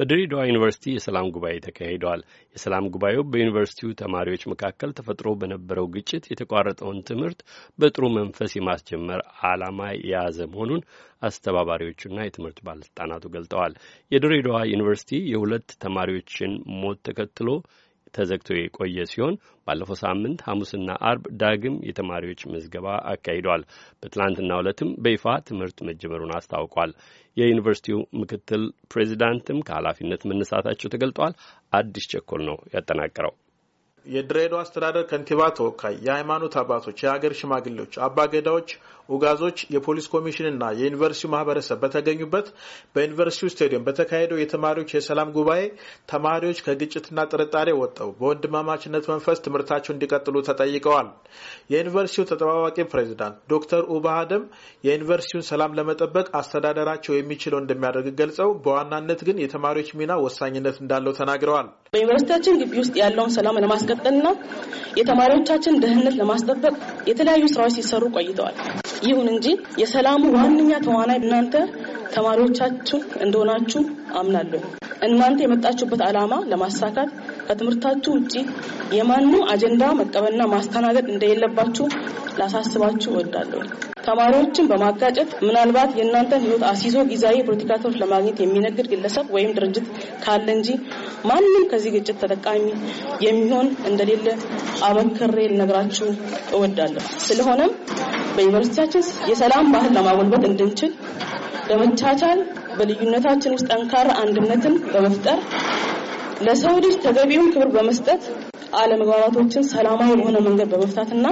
በድሬዳዋ ዩኒቨርሲቲ የሰላም ጉባኤ ተካሂደዋል። የሰላም ጉባኤው በዩኒቨርሲቲው ተማሪዎች መካከል ተፈጥሮ በነበረው ግጭት የተቋረጠውን ትምህርት በጥሩ መንፈስ የማስጀመር ዓላማ የያዘ መሆኑን አስተባባሪዎቹና የትምህርት ባለስልጣናቱ ገልጠዋል። የድሬዳዋ ዩኒቨርሲቲ የሁለት ተማሪዎችን ሞት ተከትሎ ተዘግቶ የቆየ ሲሆን ባለፈው ሳምንት ሐሙስና አርብ ዳግም የተማሪዎች ምዝገባ አካሂዷል። በትናንትናው ዕለትም በይፋ ትምህርት መጀመሩን አስታውቋል። የዩኒቨርሲቲው ምክትል ፕሬዚዳንትም ከኃላፊነት መነሳታቸው ተገልጧል። አዲስ ቸኮል ነው ያጠናቀረው። የድሬዳዋ አስተዳደር ከንቲባ ተወካይ፣ የሃይማኖት አባቶች፣ የሀገር ሽማግሌዎች፣ አባገዳዎች፣ ኡጋዞች፣ የፖሊስ ኮሚሽንና የዩኒቨርሲቲው ማህበረሰብ በተገኙበት በዩኒቨርሲቲው ስቴዲየም በተካሄደው የተማሪዎች የሰላም ጉባኤ ተማሪዎች ከግጭትና ጥርጣሬ ወጥተው በወንድማማችነት መንፈስ ትምህርታቸው እንዲቀጥሉ ተጠይቀዋል። የዩኒቨርሲቲው ተጠባባቂ ፕሬዚዳንት ዶክተር ኡባ አደም የዩኒቨርሲቲውን ሰላም ለመጠበቅ አስተዳደራቸው የሚችለው እንደሚያደርግ ገልጸው በዋናነት ግን የተማሪዎች ሚና ወሳኝነት እንዳለው ተናግረዋል። በዩኒቨርሲቲያችን ግቢ ውስጥ ያለውን ሰላም ለማስ ለማስቀጠልና የተማሪዎቻችን ደህንነት ለማስጠበቅ የተለያዩ ስራዎች ሲሰሩ ቆይተዋል። ይሁን እንጂ የሰላሙ ዋነኛ ተዋናይ እናንተ ተማሪዎቻችሁ እንደሆናችሁ አምናለሁ። እናንተ የመጣችሁበት ዓላማ ለማሳካት ከትምህርታችሁ ውጪ የማኑ አጀንዳ መቀበልና ማስተናገድ እንደሌለባችሁ ላሳስባችሁ እወዳለሁ። ተማሪዎችን በማጋጨት ምናልባት የእናንተን ሕይወት አስይዞ ጊዜያዊ የፖለቲካ ትርፍ ለማግኘት የሚነግድ ግለሰብ ወይም ድርጅት ካለ እንጂ ማንም ከዚህ ግጭት ተጠቃሚ የሚሆን እንደሌለ አበክሬ ልነግራችሁ እወዳለሁ። ስለሆነም በዩኒቨርሲቲያችን የሰላም ባህል ለማጎልበት እንድንችል በመቻቻል በልዩነታችን ውስጥ ጠንካራ አንድነትን በመፍጠር ለሰው ልጅ ተገቢውን ክብር በመስጠት አለመግባባቶችን ሰላማዊ በሆነ መንገድ በመፍታትና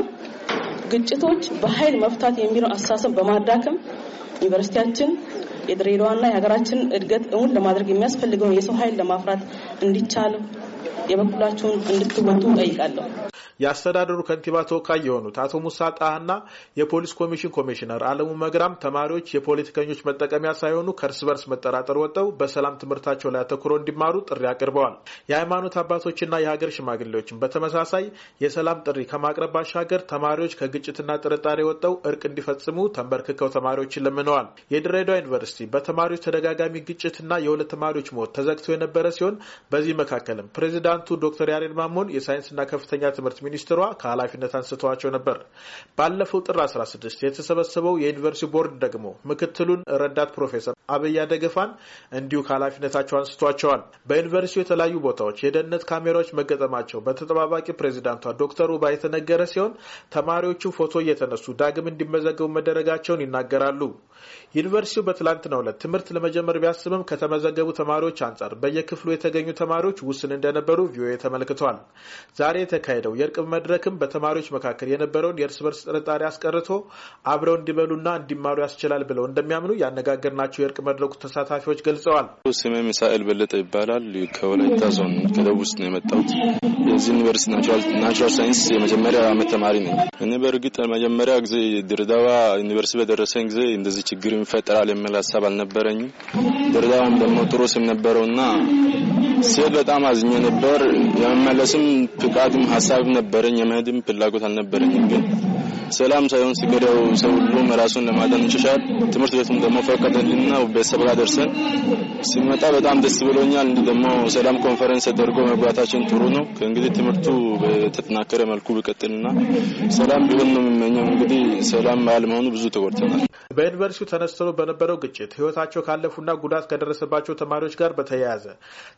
ግጭቶች በኃይል መፍታት የሚለውን አስተሳሰብ በማዳከም ዩኒቨርሲቲያችን የድሬዳዋና የሀገራችን እድገት እውን ለማድረግ የሚያስፈልገውን የሰው ኃይል ለማፍራት እንዲቻል የበኩላችሁን እንድትወጡ ጠይቃለሁ። የአስተዳደሩ ከንቲባ ተወካይ የሆኑት አቶ ሙሳ ጣህና የፖሊስ ኮሚሽን ኮሚሽነር አለሙ መግራም ተማሪዎች የፖለቲከኞች መጠቀሚያ ሳይሆኑ ከእርስ በርስ መጠራጠር ወጠው በሰላም ትምህርታቸው ላይ አተኩሮ እንዲማሩ ጥሪ አቅርበዋል። የሃይማኖት አባቶችና የሀገር ሽማግሌዎችም በተመሳሳይ የሰላም ጥሪ ከማቅረብ ባሻገር ተማሪዎች ከግጭትና ጥርጣሬ ወጠው እርቅ እንዲፈጽሙ ተንበርክከው ተማሪዎችን ለምነዋል። የድሬዳዋ ዩኒቨርሲቲ በተማሪዎች ተደጋጋሚ ግጭትና የሁለት ተማሪዎች ሞት ተዘግቶ የነበረ ሲሆን በዚህ መካከልም ፕሬዚዳንቱ ዶክተር ያሬድ ማሞን የሳይንስና ከፍተኛ ትምህርት ሚኒስትሯ ከኃላፊነት አንስተዋቸው ነበር። ባለፈው ጥር 16 የተሰበሰበው የዩኒቨርሲቲ ቦርድ ደግሞ ምክትሉን ረዳት ፕሮፌሰር አበያ ደገፋን እንዲሁ ከኃላፊነታቸው አንስቷቸዋል። በዩኒቨርሲቲው የተለያዩ ቦታዎች የደህንነት ካሜራዎች መገጠማቸው በተጠባባቂ ፕሬዚዳንቷ ዶክተር ውባ የተነገረ ሲሆን ተማሪዎቹ ፎቶ እየተነሱ ዳግም እንዲመዘገቡ መደረጋቸውን ይናገራሉ። ዩኒቨርሲቲው በትላንትናው ዕለት ትምህርት ለመጀመር ቢያስብም ከተመዘገቡ ተማሪዎች አንጻር በየክፍሉ የተገኙ ተማሪዎች ውስን እንደነበሩ ቪኦኤ ተመልክቷል። ዛሬ የተካሄደው የእርቅ እቅብ መድረክም በተማሪዎች መካከል የነበረውን የእርስ በርስ ጥርጣሬ አስቀርቶ አብረው እንዲበሉና እንዲማሩ ያስችላል ብለው እንደሚያምኑ ያነጋገርናቸው የእርቅ መድረኩ ተሳታፊዎች ገልጸዋል። ስሜ ሚሳኤል በለጠ ይባላል። ከወላይታ ዞን ከደቡብ ውስጥ ነው የመጣሁት። የዚህ ዩኒቨርሲቲ ናቹራል ሳይንስ የመጀመሪያ አመት ተማሪ ነኝ። እኔ በእርግጥ መጀመሪያ ጊዜ ድሬዳዋ ዩኒቨርሲቲ በደረሰኝ ጊዜ እንደዚህ ችግር ይፈጠራል የሚል ሀሳብ አልነበረኝም። ድሬዳዋም ደግሞ ጥሩ ስም ነበረውና ሲሄድ በጣም አዝኜ ነበር። የመመለስም ፍቃድም ሀሳብም ነበረኝ የመሄድም ፍላጎት አልነበረኝም ግን ሰላም ሳይሆን ሲገዳው ሰው ሁሉም ራሱን ለማዳን እንችሻል። ትምህርት ቤቱም ደግሞ ፈቀደልና ቤተሰብ ጋር ደርሰን ሲመጣ በጣም ደስ ብሎኛል። እንዲህ ደግሞ ሰላም ኮንፈረንስ ተደርጎ መግባታችን ጥሩ ነው። ከእንግዲህ ትምህርቱ በተጠናከረ መልኩ ቢቀጥልና ሰላም ቢሆን ነው እንግዲህ ሰላም ባለመሆኑ ብዙ ተጎድተናል። በዩኒቨርሲቲው ተነስተው በነበረው ግጭት ህይወታቸው ካለፉና ጉዳት ከደረሰባቸው ተማሪዎች ጋር በተያያዘ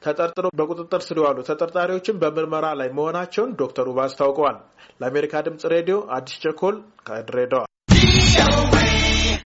ተጠርጥሮ በቁጥጥር ስር የዋሉ ተጠርጣሪዎችን በምርመራ ላይ መሆናቸውን ዶክተሩ ባስታውቀዋል። ለአሜሪካ ድምጽ ሬዲዮ አዲስ ቸኮል ከድሬዳዋ